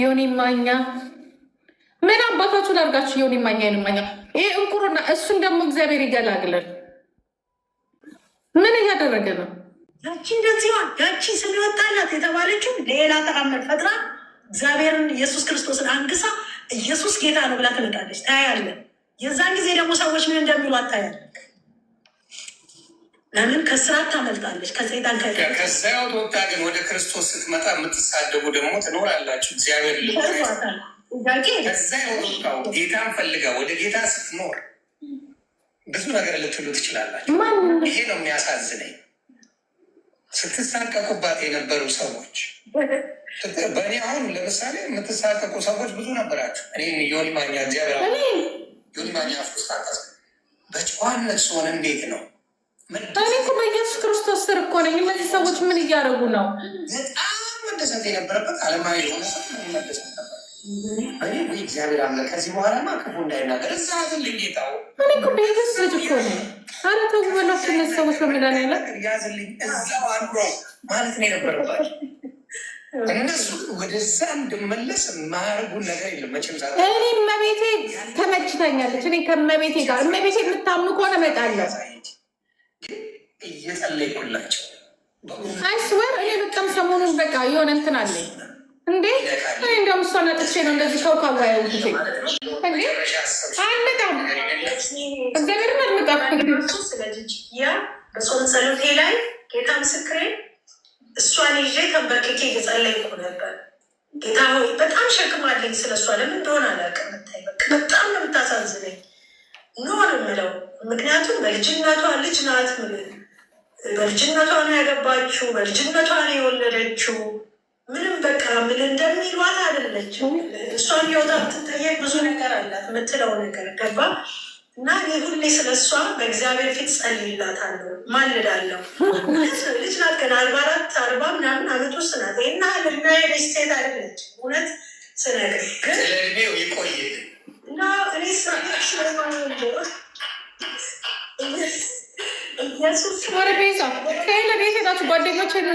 ዮኒ ማኛ ምን አባታችሁ ላድርጋችሁ? ዮኒ ማኛ ዮኒ ማኛ ይሄ እንቁርና እሱን ደግሞ እግዚአብሔር ይገላግለን። ምን እያደረገ ነው? ያቺ እንደዚሆን ያቺ ስሚወጣላት የተባለችው ሌላ ተአምር ፈጥራ እግዚአብሔርን ኢየሱስ ክርስቶስን አንግሳ ኢየሱስ ጌታ ነው ብላ ትመጣለች። ታያለን። የዛን ጊዜ ደግሞ ሰዎች ምን እንደሚሉ አታያለን። ለምን ከስራት ታመልጣለች? ከሰይጣን ከዚያ ወጣ። ግን ወደ ክርስቶስ ስትመጣ የምትሳደቡ ደግሞ ትኖራላችሁ። እግዚአብሔር ከዚያ ወጣው ጌታን ፈልጋ ወደ ጌታ ስትኖር ብዙ ነገር ልትሉ ትችላላችሁ። ይሄ ነው የሚያሳዝነኝ። ስትሳቀቁባት የነበሩ ሰዎች በእኔ አሁን ለምሳሌ የምትሳቀቁ ሰዎች ብዙ ነበራችሁ። እኔ ዮኒ ማኛ እግዚአብሔር ዮኒ ማኛ በጨዋነት ሲሆን እንዴት ነው እኔ እኮ በኢየሱስ ክርስቶስ ስር እኮ ነኝ። እነዚህ ሰዎች ምን እያደረጉ ነው? በጣም መደሰት የነበረበት አለማዊ የሆነ ሰው ነበር። እግዚአብሔር አምላክ ከዚህ ክፉ እንዳይናገር እዛ ዝልኝ ጌታው እኔ እኮ በኢየሱስ ልጅ እኮ ነኝ። አረ ተው እነዚህ ሰዎች ያዝልኝ እዛው አንዱ ማለት ነው የነበረባቸው እነሱ ወደዛ እንድመለስ ነገር የለም። መቼም ዛ እኔ እመቤቴ እኔ ከእመቤቴ ጋር እመቤቴ የምታምኮ ነመጣለሁ እየጸለይኩላቸው አይስወር እኔ በጣም ሰሞኑን በቃ የሆነ እንትን አለኝ እንዴ እኔ እንደውም እሷን አጥቼ ነው እንደዚህ ሰው ካዋየው ጊዜ እንዴ አልመጣም። እግዚአብሔርን አልመጣም። ስለልጅ በጾም ጸሎቴ ላይ ጌታ ምስክሬ እሷን ይዤ ተንበርክኬ እየጸለይኩ ነበር። ጌታ ሆይ በጣም ሸክም አለኝ ስለ እሷ ለምን እንደሆነ አላውቅም። የምታይ በጣም ነው የምታሳዝነኝ ኖር ምለው ምክንያቱም በልጅነቷ ልጅ ናት ምል በልጅነቷ ነው ያገባችው፣ በልጅነቷ ነው የወለደችው። ምንም በቃ ምን እንደሚሏል አይደለች። እሷን የወጣ ብትጠየቅ ብዙ ነገር አላት የምትለው ነገር ገባ እና እኔ ሁሌ ስለ እሷ በእግዚአብሔር ፊት ጸልይላታለሁ፣ ማልዳለሁ። ልጅ ናት ገና አርባ አራት አርባ ምናምን አመት ውስጥ ናት። ይና ልና ሴት አይደለች እውነት ስነግርህ ግን ይቆይ እና እኔ ስራ ቤዛ ከሌለ ቤት ሄዳችሁ ጓደኞች ነው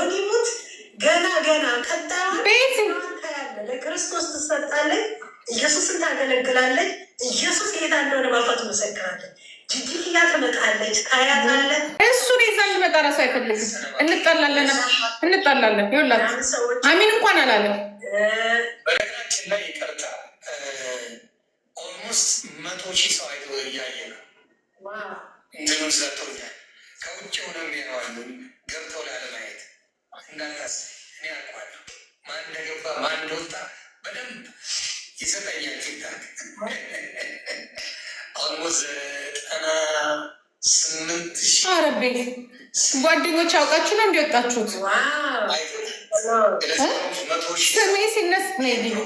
እንጂ ሙት ገና ገና ቤት ለክርስቶስ ትሰጣለች። ኢየሱስን ታገለግላለች። ኢየሱስ ጌታ እንደሆነ ማፋት መሰክራለች። ጅጅያ ትመጣለች። ታያታለ እሱን የዛ ሊመጣ ራሱ አይፈልግም። እንጣላለን እንጣላለን። ይኸውላችሁ አሚን እንኳን አላለም። በነገራችን ላይ ይቅርታ ኦልሞስት መቶ ሺህ ሰው አይቶ እያየ ነው እንትኑን ሰጥቶኛል። ከውጭ ሆነው ሚያዋሉ ገብተው ላለማየት እንዳታስ እኔ አውቀዋለሁ። ማን እንደገባ ማን እንደወጣ በደንብ ይሰጠኛል። ፊታ ኦልሞስት ዘጠና ስምንት ሺህ ጓደኞች አውቃችሁ ነው እንዲወጣችሁት ስሜ ሲነስ ነው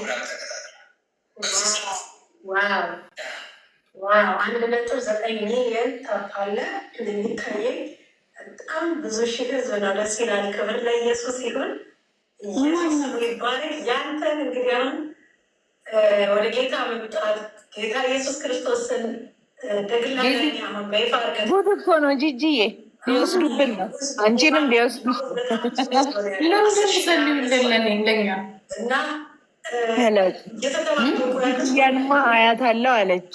ዋው አንድ ነጥብ ዘጠኝ ሚሊዮን ታቷለ። እንደሚታየኝ በጣም ብዙ ሺህ ህዝብ ነው። ደስ ይላል። ክብር ለኢየሱስ ይሁን። ኢየሱስ ይባረክ። ያንተን እንግዲህ አሁን ወደ ጌታ መምጣት ጌታ ኢየሱስ ክርስቶስን ጉድ እኮ ነው ጂጂዬ ሊወስዱብን ነው። አንቺንም ሊወስዱ ለምንድን ጸልዩልን ለእኛ እና ያንማ አያት አለው አለች።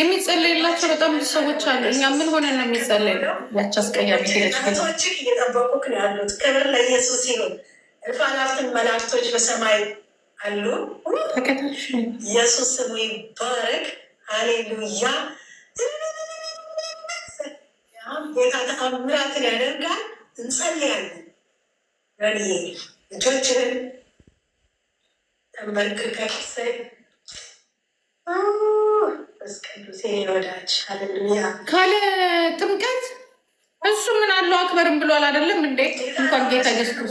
የሚጸለይላቸው በጣም ብዙ ሰዎች አሉ። እኛ ምን ሆነ ነው የሚጸለይ? ያች አስቀያሚ ሴቶችን እየጠበቁክ ነው ያሉት። ክብር ለኢየሱስ ይሁን። እልፍ መላእክቶች በሰማይ አሉ። ኢየሱስ ስሙ ይባረክ። ሃሌሉያ። ጌታ ተአምራትን ያደርጋል። እንጸልያለን። ረድዬ ልጆችህን ካለ ጥምቀት እሱ ምን አለው? አክበርም ብሏል አይደለም እንዴ? እንኳን ጌታ ኢየሱስ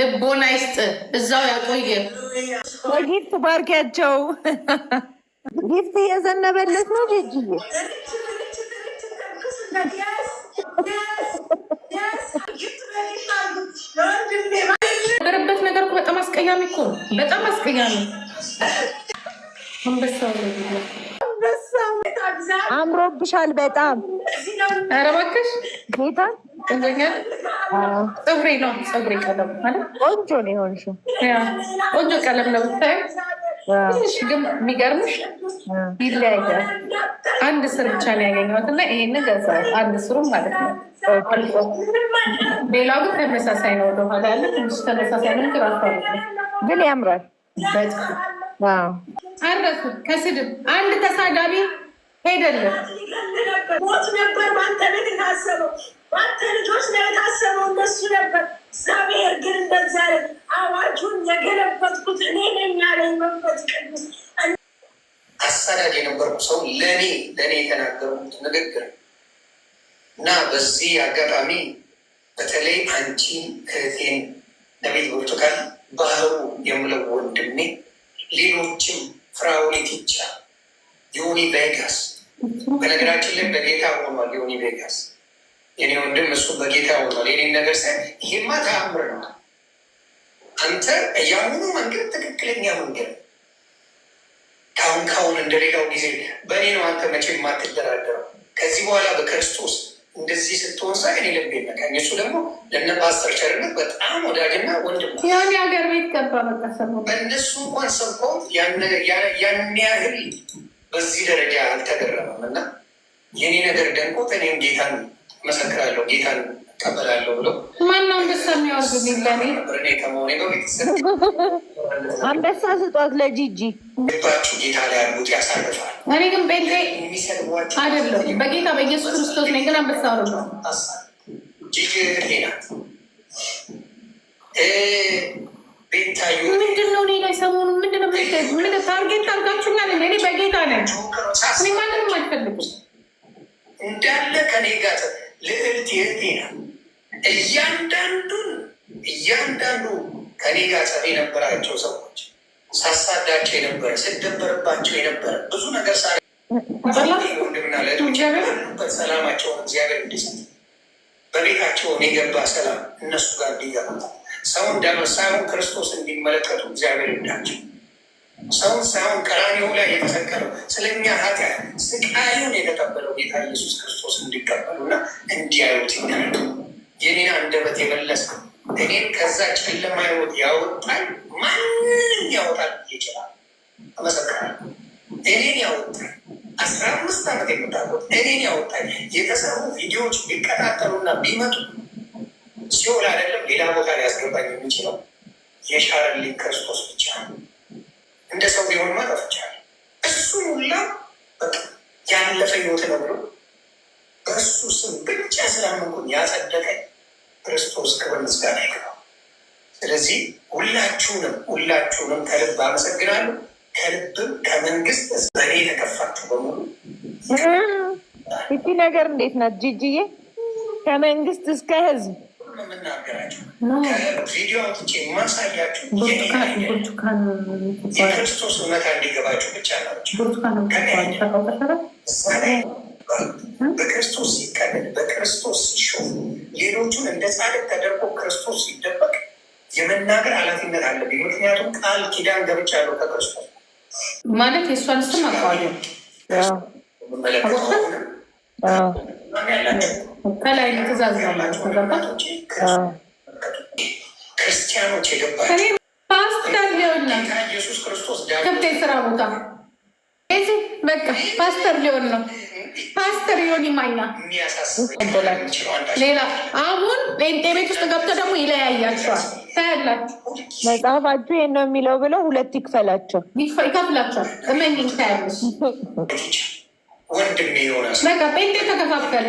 ልቦና ይስጥ፣ እዛው ያቆየ። ጊፍት ባርኪያቸው። ጊፍት እየዘነበለት ነው ጅጅዬ ነገርበት ነገር በጣም አስቀያሚ እኮ ነው። በጣም አስቀያሚ አምሮብሻል በጣም ኧረ እባክሽ ጌታ ፀጉሬ ነው ፀጉሬ ቀለም ቆንጆ ነው የሆንሽው ቆንጆ ቀለም ነው ብታዪው ትንሽ ግን የሚገርምሽ ይለያያል አንድ ስር ብቻ ነው ያገኘሁት እና ይሄንን ገዛሁት አንድ ስሩም ማለት ነው ሌላው ግን ተመሳሳይ ነው። ወደኋላ ያለ ትንሽ ተመሳሳይ ነው። ራሱ ግን ያምራል። አረሱ ከስድብ አንድ ተሳዳቢ ሄደለን ሞት ነበር። ልጅ የታሰበው ልጆች ነው የታሰበው እነሱ ነበር። እግዚአብሔር ግን እንደዛ አዋጁን የገለበጥኩት እኔ ነኝ ያለኝ መንፈስ ቅዱስ አሳዳጅ የነበርኩ ሰው ለእኔ ለእኔ የተናገሩት ንግግር እና በዚህ አጋጣሚ በተለይ አንቺን እህቴን ነቢይ ብርቱካን ባህሩ የምለው ወንድሜ፣ ሌሎችም ፍራኦል ቲቻ፣ ዮኒ ቬጋስ በነገራችን ላይ በጌታ ሆኗል። ዮኒ ቬጋስ የኔ ወንድም እሱ በጌታ ሆኗል። የኔን ነገር ሳይ ይሄማ ተአምር ነው። አንተ የአሁኑ መንገድ ትክክለኛ መንገድ ካሁን ካሁን እንደሌላው ጊዜ በእኔ ነው። አንተ መቼ የማትደራደረው ከዚህ በኋላ በክርስቶስ እንደዚህ ስትሆን ሳይ እኔ ልቤ ይነካል። እሱ ደግሞ ለነ ፓስተር ቸርነት በጣም ወዳጅና ወንድም ያን ሀገር ቤት ገባ። መቀሰሙ በእነሱ እንኳን ሰብኮ ያን ያህል በዚህ ደረጃ አልተገረመም። እና የኔ ነገር ደንቆት እኔም ጌታን መሰክራለሁ ጌታን እቀበላለሁ ብሎ ማነው አንበሳ የሚያወርዱልኝ? ለእኔ እኔ ከመሆኔ በፊት አንበሳ ስጧት ለጂጂ። ልባችሁ ጌታ ላይ ያሉት ያሳርፋል። እኔ ግን ጴንጤ አይደለሁም። በጌታ በኢየሱስ ክርስቶስ ነኝ። ግን አንበሳ አውርዱ ጂጂ ናት። ቤታዩ ምንድን ነው? እኔ ላይ ሰሞኑን ምንድን ነው? ምን ታርጌት ታርጋችሁኛል? እኔ በጌታ ነኝ። እኔ ማንንም አልፈልጉም። እንዳለ ከኔ ጋር ልዕልት ይህቴ ናት እያንዳንዱን እያንዳንዱ ከኔ ጋር ጸብ የነበራቸው ሰዎች ሳሳዳቸው የነበረ ስደበርባቸው የነበረ ብዙ ነገር ሳ ወንድምና ለቶች ያሉበት ሰላማቸውን እግዚአብሔር እንዲሰጥ በቤታቸውን የገባ ሰላም እነሱ ጋር እንዲገባ ሰውን ሳይሆን ክርስቶስ እንዲመለከቱ እግዚአብሔር እንዳቸው ሰውን ሳይሆን ቀራኔው ላይ የተሰቀለው ስለኛ ኃጢአት ስቃዩን የተቀበለው ጌታ ኢየሱስ ክርስቶስ እንዲቀበሉና እንዲያዩት ይናያሉ። የኔን አንደበት የመለስክ እኔን ከዛ ጨለማ ሕይወት ያወጣኝ ማንም ያወጣል ይችላል። አመሰግናለሁ። እኔን ያወጣኝ አስራ አምስት ዓመት የምታወት እኔን ያወጣኝ የተሰሩ ቪዲዮዎች ቢቀጣጠሉና ቢመጡ ሲሆን አይደለም ሌላ ቦታ ሊያስገባኝ የሚችለው የሻረልኝ ክርስቶስ ብቻ ነው። እንደ ሰው ቢሆን ማጠፍ ይቻላል። እሱ ሁላ ያለፈ ሕይወት ነው ብሎ በእሱ ስም ብቻ ስላመንኩን ያጸደቀኝ ክርስቶስ ክብር ምስጋና ይግባው። ስለዚህ ሁላችሁንም ሁላችሁንም ከልብ አመሰግናለሁ። ከልብም ከመንግስት በኔ የተከፋችሁ በሙሉ እቺ ነገር እንዴት ናት ጂጂዬ? ከመንግስት እስከ ህዝብ የምናገራቸው ቪዲዮ አውጥቼ የማሳያችሁ የክርስቶስ እውነታ ብቻ ናቸው። በክርስቶስ ሲቀልል፣ በክርስቶስ ሲሾፍ፣ ሌሎቹን እንደ ጻድቅ ተደርጎ ክርስቶስ ሲደበቅ የመናገር ኃላፊነት አለብኝ። ምክንያቱም ቃል ኪዳን ገብቻለሁ ከክርስቶስ ማለት የእሷን ስም አውቀዋለሁ። ከላይ ትእዛዝ ነው ክርስቲያኖች የገባቸው ኢየሱስ ክርስቶስ ስራ ቦታ በቃ ፓስተር ሊሆን ነው ፓስተር ዮኒ ማኛ ሌላ አሁን ጴንጤ ቤት ውስጥ ገብተው ደግሞ ይለያያቸዋል። ታያላችሁ መጽሐፋችሁ ይሄን ነው የሚለው ብለው ሁለት ይክፈላቸው ይከፍላቸዋል። እመኝ ታያለች። በቃ ጴንጤ ተከፋፈለ።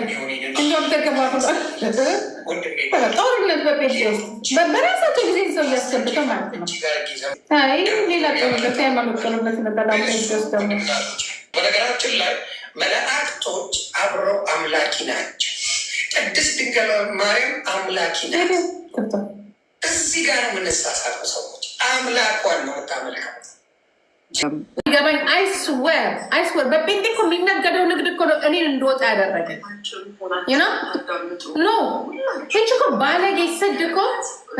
እንዲሁም ተከፋፍሏል። ጦርነት በጴንጤ በራሳቸው ጊዜ ሰው እያስገብተ ማለት ነው። ሌላ ጦርነት ሃይማኖት ጦርነት ነበረ ጴንጤ ውስጥ ደግሞ በነገራችን ላይ መላእክቶች አብረው አምላኪ ናቸው። ቅድስት ድንግል ማርያም አምላኪ ናት። እዚህ ጋር የምንሳሳተው ሰዎች አምላኳን ነው የምታመልከው። ገባኝ። አይስወር አይስወር በጴንጤ እኮ የሚነገደው ንግድ እኮ ነው እኔን እንድወጣ ያደረገ ነው። ኖ ይች እኮ ባለጌ ስድ እኮ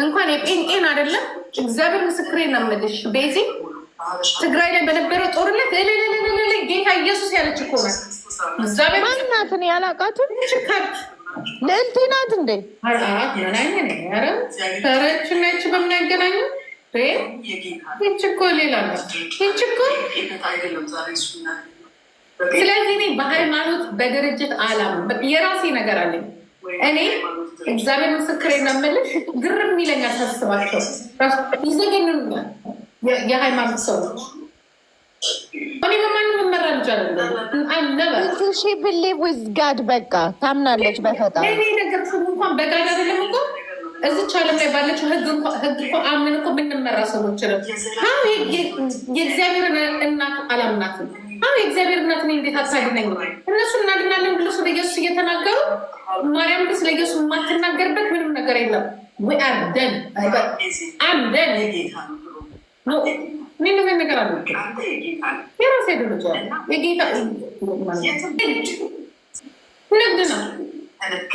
እንኳን የጴንጤን አይደለም እግዚአብሔር ምስክሬ ነው የምልሽ ቤዚ ትግራይ ላይ በነበረው ጦርነት እልልልልል ጌታ ኢየሱስ ያለች እኮ ነው። ማናትን ያላቃትን ልዕልት ናት እንዴ? ረች ናች በምን ያገናኙ? ይህች እኮ ሌላ ናት። ይህች እኮ ስለዚህ እኔ በሃይማኖት በድርጅት አላማ የራሴ ነገር አለኝ። እኔ እግዚአብሔር ምስክሬን ነው ግርም የሚለኝ አሳስባቸው ይዘገንኑኛል የሃይማኖት ሰው እኔ በማንም መመራ ልጅ አለሽ ብሌ ዊዝ ጋድ በቃ ታምናለች በፈጣሪ ነገር እንኳን በጋድ አይደለም እኮ እዚች ዓለም ላይ ባለችው ህግ እኮ አምን እኮ የምንመራ ሰዎች ነው። የእግዚአብሔር እናት አላምናትም። አሁ የእግዚአብሔር እናት እኔ እንዴት አታድነኝ? እነሱ እናድናለን ብሎ ስለ ኢየሱስ እየተናገሩ ማርያም ግን ስለ ኢየሱስ የማትናገርበት ምንም ነገር የለም። አምደን አምደን ምንም ነገር አለ። የራሴ ደረጃ የጌታ ንግድ ነው።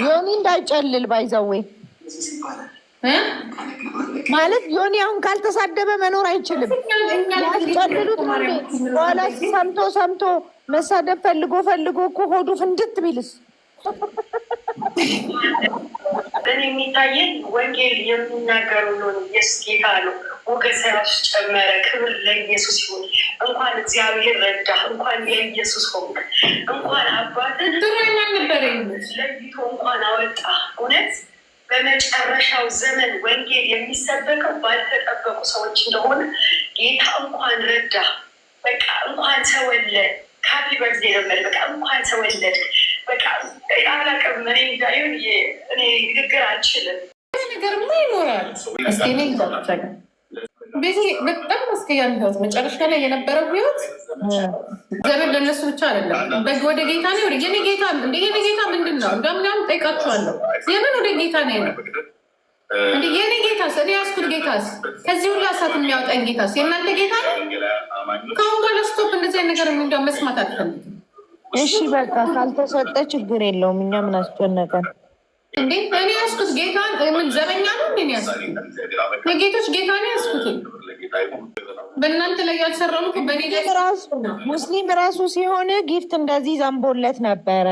ዮኒ እንዳይጨልል ባይዘዌ ማለት ዮኒ አሁን ካልተሳደበ መኖር አይችልም። ያስጨልሉት ሰምቶ ሰምቶ መሳደብ ፈልጎ ፈልጎ እኮ ሆዱ ፍንድት ቢልስ እኔ የሚታየኝ ወንጌል የሚናገሩ ሆን ኢየሱስ ጌታ ነው። ሞገስ ራሱ ጨመረ። ክብር ለኢየሱስ ይሁን። እንኳን እግዚአብሔር ረዳ፣ እንኳን ለኢየሱስ ሆንክ፣ እንኳን አባትን ለይቶ እንኳን አወጣ። እውነት በመጨረሻው ዘመን ወንጌል የሚሰበከው ባልተጠበቁ ሰዎች እንደሆነ ጌታ እንኳን ረዳ። በቃ እንኳን ተወለድ። ካፒ በርዜ ነበር። በቃ እንኳን ተወለድ በቃ አላውቅም። ይኖራል። በጣም አስቀያሚ ህይወት መጨረሻ ላይ የነበረው ህይወት እግዚአብሔር ለነሱ ብቻ አይደለም። ወደ ጌታ ነው። የኔ ጌታ እንደ የኔ ጌታ ምንድን ነው ጠይቃቸዋለሁ። የምን ወደ ጌታ ነው ነው እንደ የኔ እኔ ጌታስ ከዚህ ሁሉ የሚያወጣኝ ጌታስ የእናንተ ጌታ ነው። ከአሁን በኋላ ስቶፕ እንደዚህ አይነት ነገር እንደው መስማት አልፈልግም። እሺ በቃ ካልተሰጠ ችግር የለውም። እኛ ምን አስጨነቀን? እኔ ያስኩት ምን ዘበኛ ነው እንዴ? ያስኩት የጌቶች ጌታ ነው ያስኩት። በእናንተ ላይ ያልሰራሙ በኔ ሙስሊም ራሱ ሲሆን ጊፍት እንደዚህ ዘንቦለት ነበረ።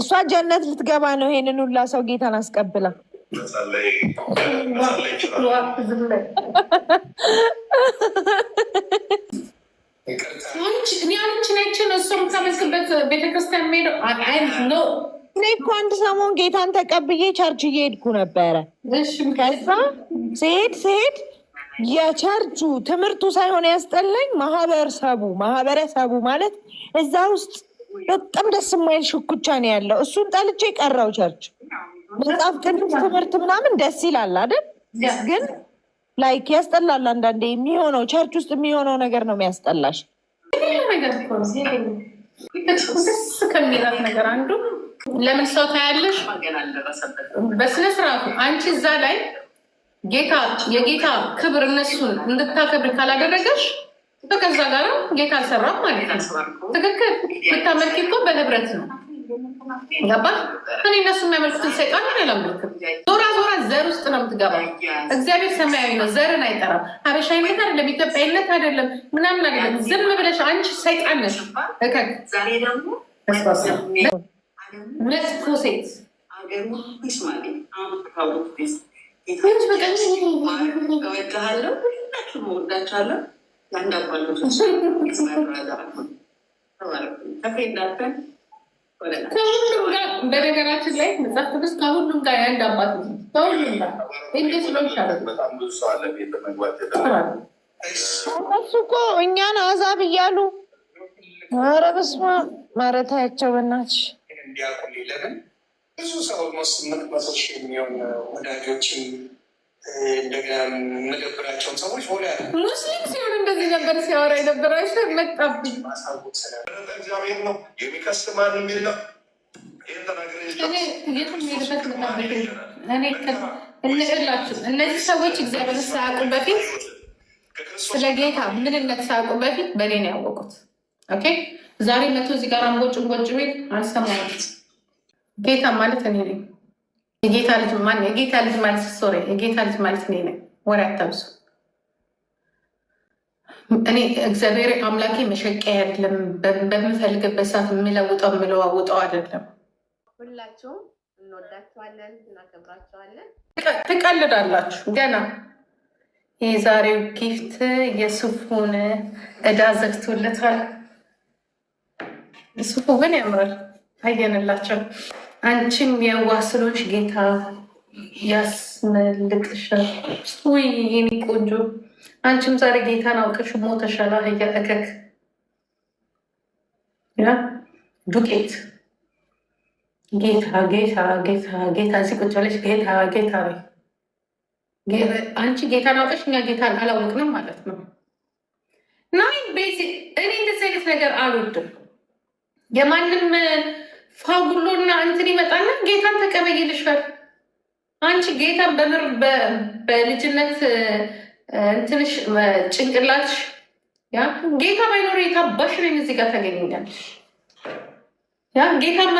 እሷ ጀነት ልትገባ ነው። ይሄንን ሁላ ሰው ጌታን አስቀብላ እኔ እኮ አንድ ሰሞን ጌታን ተቀብዬ ቻርጅ እየሄድኩ ነበረ። ከዛ ስሄድ ስሄድ የቸርቹ ትምህርቱ ሳይሆን ያስጠላኝ ማህበረሰቡ ማህበረሰቡ ማለት እዛ ውስጥ በጣም ደስ የማይል ሽኩቻ ነው ያለው። እሱን ጠልቼ ቀረው ቸርች መጽሐፍ ቅዱስ ትምህርት ምናምን ደስ ይላል አይደል? ግን ላይክ ያስጠላል አንዳንዴ። የሚሆነው ቸርች ውስጥ የሚሆነው ነገር ነው የሚያስጠላሽ። ከሚላት ነገር አንዱ ለምን ሰው ታያለሽ? በስነ ስርዓቱ አንቺ እዛ ላይ ጌታ የጌታ ክብር እነሱን እንድታከብር ካላደረገሽ በከዛ ጋር ጌታ አልሰራም ማለት ነው። ትክክል። ብታመልኪ እኮ በንብረት ነው ገባ እኔ እነሱ የሚያመልኩትን ሰይጣን አላምልክም። ዞራ ዞራ ዘር ውስጥ ነው የምትገባው። እግዚአብሔር ሰማያዊ ነው፣ ዘርን አይጠራም። ሀበሻዊነት አይደለም፣ ኢትዮጵያዊነት አይደለም፣ ምናምን አይደለም። ዝም ብለሽ አንቺ ሰይጣን ነሽ። መጥፎ ሴት ሁላችሁ ከሁሉም ጋር በነገራችን ላይ መጽሐፍ ቅዱስ ከሁሉም ጋር የአንድ አባት ነው። ከሁሉም ጋር እንደ ስሎ ይሻላል። እኮ እኛን አዛብ እያሉ ኧረ በስመ አብ ማረታያቸው በናትሽ ብዙ ሰው ስምንት መቶ ሺህ የሚሆን ወዳጆችን እንደገና የምደብራቸውን ሰዎች ሙስሊም ሲሆን እንደዚህ ነበር ሲያወራ የነበረ አይሽር መጣብኝ። እግዚአብሔር ነው የሚከስ ማንም የለም። እንላችሁ እነዚህ ሰዎች እግዚአብሔር ሳያውቁ በፊት ስለ ጌታ ምንነት ሳያውቁ በፊት በእኔ ነው ያወቁት። ኦኬ ዛሬ መቶ እዚህ ጋር አንጎጭ ጎጭ ቤት አልሰማሁም። ጌታ ማለት እኔ ነኝ። የጌታ ልጅ ማ የጌታ ልጅ ማለት ሶሪ የጌታ ልጅ ማለት እኔ ነኝ። ወሬ አታብዙ። እኔ እግዚአብሔር አምላኬ መሸቂያ አይደለም። በምፈልግበት ሰዓት የምለውጠው የምለዋውጠው አይደለም። ሁላችሁም እንወዳችኋለን፣ እናከብራችኋለን። ትቀልዳላችሁ ገና የዛሬው ጊፍት የሱፉን እዳ ዘግቶለታል። ሱፉ ግን ያምራል። አየንላቸው አንቺም የዋስሎች ጌታ ያስመልጥሻል። ውይ የኔ ቆንጆ አንቺም ዛሬ ጌታን አውቀሽ ሞተሻል። አህያ እከክ ዱቄት ጌታ ጌታ ጌታ ጌታ እዚህ ብለሽ ጌታ ጌታ አንቺ ጌታን አውቀሽ እኛ ጌታን አላወቅንም ማለት ነው። ናይ ቤዚ እኔ እንደዚህ አይነት ነገር አልወድም። የማንም ፋጉሎና እንትን ይመጣና ጌታን ተቀበይ ይልሻል። አንቺ ጌታን በምር በልጅነት እንትንሽ ጭንቅላትሽ ያ ጌታ ባይኖር የታባሽ ነው። እዚህ ጋር ታገኛለሽ። ያ ጌታማ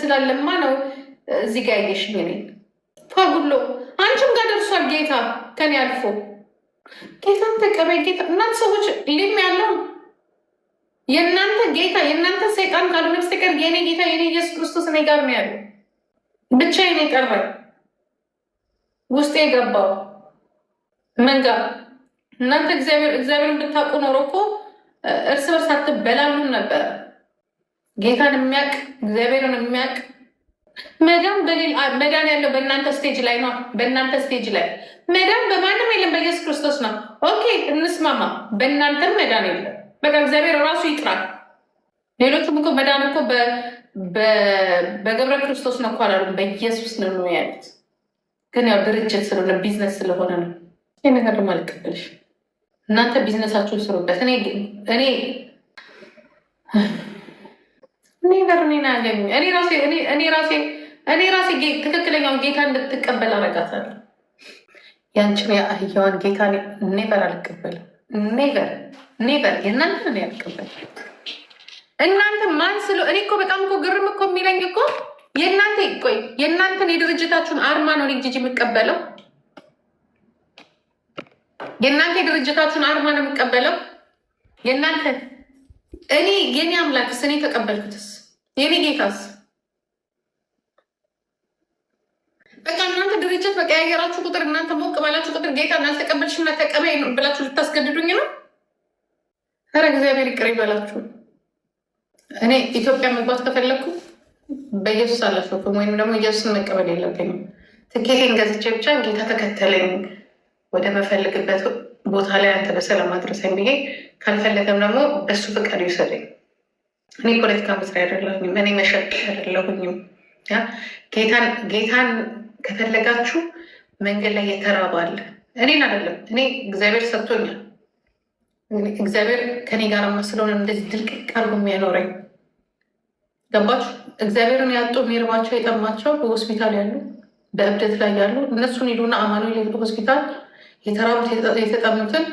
ስላለማ ነው እዚህ ጋር ያየሽ። ምን ፋጉሎ አንቺም ጋር ደርሷል ጌታ ከኔ አልፎ ጌታን ተቀበይ ጌታ እናት ሰዎች ሊም ያለው የእናንተ ጌታ የእናንተ ሰይጣን ካልሆነ በስተቀር የኔ ጌታ የኔ ኢየሱስ ክርስቶስ እኔ ጋር ነው ያለው። ብቻ የኔ ቀረ ውስጤ የገባው መንጋ እናንተ እግዚአብሔር ብታውቁ ኖሮ እኮ እርስ በርስ አትበላሉም ነበረ። ጌታን የሚያውቅ እግዚአብሔርን የሚያውቅ መዳን መዳን ያለው በእናንተ ስቴጅ ላይ ነው። በእናንተ ስቴጅ ላይ መዳን በማንም የለም፣ በኢየሱስ ክርስቶስ ነው። ኦኬ እንስማማ። በእናንተም መዳን የለም በቃ እግዚአብሔር ራሱ ይጥራል። ሌሎቹም እኮ መዳን እኮ በገብረ ክርስቶስ ነው እኮ አላሉም፣ በኢየሱስ ነው ነው ያሉት። ግን ያው ድርጅት ስለሆነ ቢዝነስ ስለሆነ ነው። ይህ ነገር ደግሞ አልቀበልሽ። እናንተ ቢዝነሳችሁን ስሩበት። እኔ እኔ እኔ ጋር እኔን አያገኙ እኔ ራሴ እኔ ራሴ እኔ ራሴ ትክክለኛውን ጌታ እንድትቀበል አረጋታለሁ። ያንችን የአህያዋን ጌታ ኔቨር አልቀበልም። ኔቨር ኔቨር የእናንተ ነው ያልቅበት። እናንተ ማን ስለ እኔ እኮ በጣም እኮ ግርም እኮ የሚለኝ እኮ የእናንተ ቆይ የእናንተን የድርጅታችሁን አርማ ነው እኔ ጂጂ የምቀበለው። የእናንተ የድርጅታችሁን አርማ ነው የምቀበለው። የእናንተ እኔ የኔ አምላክስ እኔ ተቀበልኩትስ የኔ ጌታስ በቃ እናንተ ድርጅት በቀያየራችሁ ቁጥር እናንተ ሞቅ ባላችሁ ቁጥር ጌታ እናልተቀበልሽም ተቀበይ ብላችሁ ልታስገድዱኝ ነው። ኧረ እግዚአብሔር ይቅር ይበላችሁ። እኔ ኢትዮጵያ መግባት ከፈለግኩ በኢየሱስ አላሰብኩም፣ ወይም ደግሞ ኢየሱስን መቀበል የለብኝም። ትኬቴን ገዝቼ ብቻ ጌታ ተከተለኝ ወደ መፈልግበት ቦታ ላይ አንተ በሰላም አድርሰኝ ብዬ ካልፈለገም ደግሞ በሱ ፍቃድ ይውሰደኝ። እኔ ፖለቲካ መስሪያ አይደለሁኝም። እኔ መሸጥ አይደለሁኝም። ጌታን ከፈለጋችሁ መንገድ ላይ የተራባለ እኔን አይደለም፣ እኔ እግዚአብሔር ሰጥቶኛል። እግዚአብሔር ከኔ ጋር ስለሆነ እንደዚህ ድልቅ ቀርቡ የሚያኖረኝ ገባችሁ። እግዚአብሔርን ያጡ የሚርባቸው የጠማቸው በሆስፒታል ያሉ በእብደት ላይ ያሉ እነሱን ሄዱና አማኑኤል የግል ሆስፒታል የተራቡት የተጠሙትን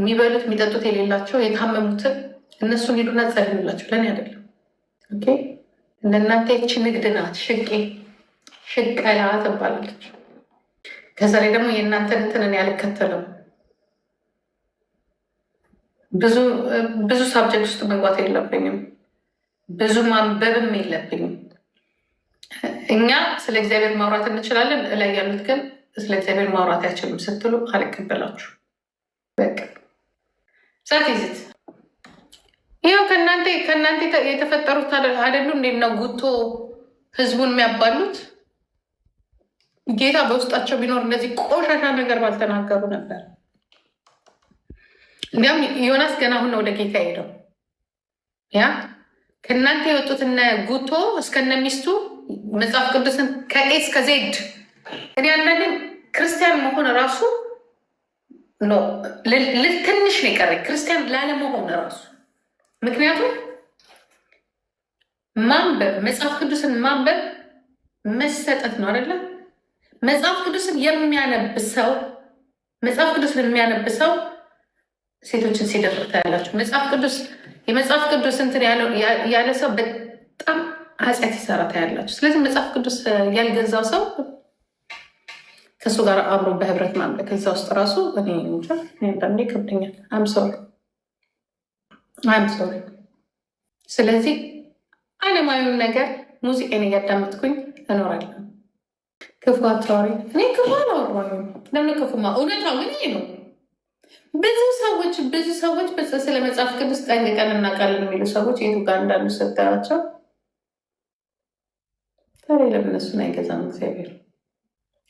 የሚበሉት የሚጠጡት የሌላቸው የታመሙትን እነሱን ሄዱና ጸልዩላቸው። ለእኔ አይደለም። ለእናንተ ይቺ ንግድ ናት ሽቄ ሽቀላ ትባላለች። ከዛ ላይ ደግሞ የእናንተን እንትንን ያልከተልም ብዙ ሳብጀክት ውስጥ መግባት የለብኝም። ብዙ ማንበብም የለብኝም። እኛ ስለ እግዚአብሔር ማውራት እንችላለን። እላይ ያሉት ግን ስለ እግዚአብሔር ማውራት አይችልም ስትሉ አልቀበላችሁ። በቃ ዛት ይኸው ከእናንተ ከእናንተ የተፈጠሩት አይደሉ? እንዴት ነው ጉቶ ህዝቡን የሚያባሉት? ጌታ በውስጣቸው ቢኖር እንደዚህ ቆሻሻ ነገር ባልተናገሩ ነበር። እንዲያም ዮናስ ገና አሁን ወደ ጌታ ሄደው ያ ከእናንተ የወጡት እነ ጉቶ እስከነ ሚስቱ መጽሐፍ ቅዱስን ከኤ እስከ ዜድ። እኔ አንዳንዴ ክርስቲያን መሆን ራሱ ትንሽ ነው የቀረኝ ክርስቲያን ላለመሆን ራሱ። ምክንያቱም ማንበብ መጽሐፍ ቅዱስን ማንበብ መሰጠት ነው አይደለም መጽሐፍ ቅዱስን የሚያነብሰው መጽሐፍ ቅዱስን የሚያነብሰው ሴቶችን ሲደፍርታ ያላችሁ መጽሐፍ ቅዱስ የመጽሐፍ ቅዱስ እንትን ያለ ሰው በጣም ኃጢአት ይሰራ ያላችሁ። ስለዚህ መጽሐፍ ቅዱስ ያልገዛው ሰው ከእሱ ጋር አብሮ በህብረት ማምለክ እዛ ውስጥ ራሱ እኔ እንጃ አንዳንዴ ይከብደኛል። አም ሶሪ አም ሶሪ። ስለዚህ አለማዊውን ነገር ሙዚቃን እያዳመጥኩኝ እኖራለሁ። ክፉ አታውሪ። እኔ ክፉ አላወራሁም። ለምን ክፉ እውነት ነው፣ ግን ነው ብዙ ሰዎች ብዙ ሰዎች ስለ መጽሐፍ ቅዱስ ጠንቅቀን እናውቃለን የሚሉ ሰዎች የቱ ጋር እንዳሉ ሰጠራቸው። ታዲያ ለምን እነሱን አይገዛም እግዚአብሔር?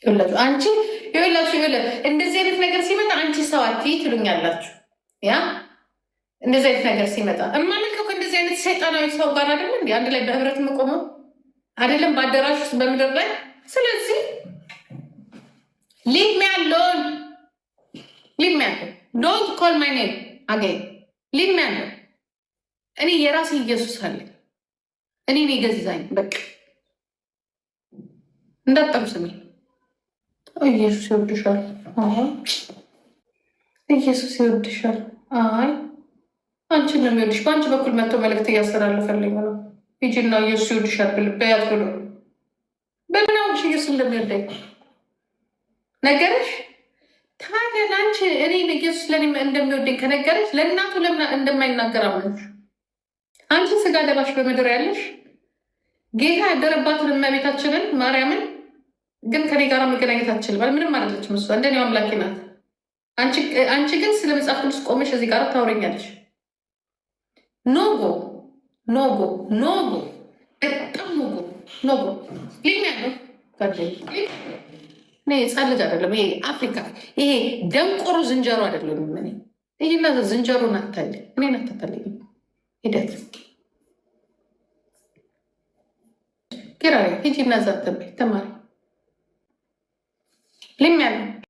ይኸውላችሁ አንቺ ይኸውላችሁ እንደዚህ አይነት ነገር ሲመጣ አንቺ ሰው አትይ ትሉኛላችሁ። ያ እንደዚህ አይነት ነገር ሲመጣ እማልከው እንደዚህ አይነት ሰይጣናዊ ሰው ጋር አይደለም እንዲ አንድ ላይ በህብረት መቆመው አይደለም በአዳራሽ ውስጥ በምድር ላይ ስለዚህ ሊቭ ሚ አሎን ሊቭ ሚ አሎን ዶንት ኮል ማይ ኔም አገኝ ሊቭ ሚ አሎን እኔ የራሴ ኢየሱስ አለ እኔ ነው የገዛኝ። በቃ እንዳጠሩ ስሜ ኢየሱስ ይወድሻል፣ ኢየሱስ ይወድሻል። አይ አንቺን ነው የሚወድሽ። በአንቺ በኩል መጥቶ መልእክት እያስተላለፈልኝ ነው። ሂጂና ኢየሱስ ይወድሻል ብልበያት ብሎ ታውቂዋለሽ ኢየሱስ እንደሚወደኝ ነገረሽ። ታዲያ ለአንቺ እኔ ኢየሱስ ለእኔ እንደሚወደኝ ከነገረሽ ለእናቱ ለምን እንደማይናገር አምነች። አንቺ ስጋ ለባሽ በምድር ያለሽ ጌታ ያደረባትን እመቤታችንን ማርያምን ግን ከኔ ጋር መገናኘት አትችልም። ምንም አይደለችም እሷ እንደኔ አምላኬ ናት። አንቺ ግን ስለ መጽሐፍ ቅዱስ ቆመሽ እዚህ ጋር ታወረኛለሽ። ኖጎ ኖጎ ኖጎ በጣም ኖጎ ኖጎ ልኝ እኔ ህፃን ልጅ አይደለም። ይሄ አፍሪካ ይሄ ደንቆሮ ዝንጀሮ አይደለም። ምን ይህና ዝንጀሮ ናታለ እኔ ናታታለኝ ሂደት ኪራ ሂጂ እናዛ ተማሪ ልም